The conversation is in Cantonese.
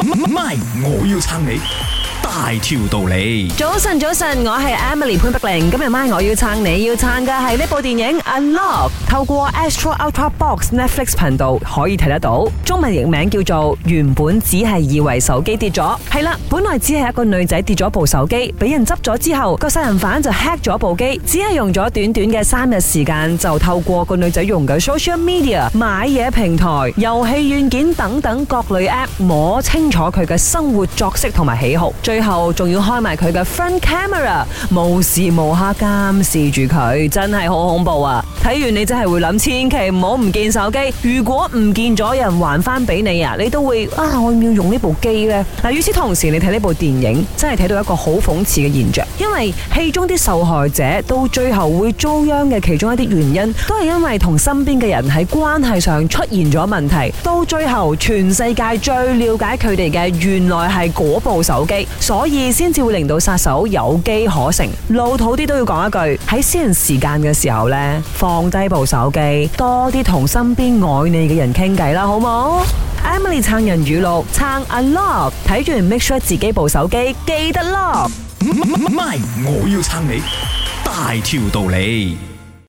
唔、嗯、係，我要撐你。Hanai. 大條道理。早晨，早晨，我係 Emily 潘碧玲。今日晚我要撐，你要撐嘅係呢部電影《Unlocked》，透過 Astro Ultra Box Netflix 頻道可以睇得到。中文譯名叫做《原本只係以為手機跌咗》。係啦，本來只係一個女仔跌咗部手機，俾人執咗之後，個殺人犯就 hack 咗部機，只係用咗短短嘅三日時間，就透過個女仔用嘅 social media、買嘢平台、遊戲軟件等等各類 app 摸清楚佢嘅生活作息同埋喜好。最後仲要開埋佢嘅 front camera，無時無刻監視住佢，真係好恐怖啊！睇完你真係會諗，千祈唔好唔見手機。如果唔見咗，有人還返俾你啊，你都會啊，我要唔要用呢部機呢！」嗱，與此同時，你睇呢部電影真係睇到一個好諷刺嘅現象，因為戲中啲受害者到最後會遭殃嘅其中一啲原因，都係因為同身邊嘅人喺關係上出現咗問題。到最後，全世界最了解佢哋嘅，原來係嗰部手機。所以先至會令到殺手有機可乘。老土啲都要講一句：喺私人時間嘅時候呢，放低部手機，多啲同身邊愛你嘅人傾偈啦，好冇？Emily 撐人語錄，撐 a love。睇住 make sure 自己部手機記得 love。唔係，我要撐你，大條道理。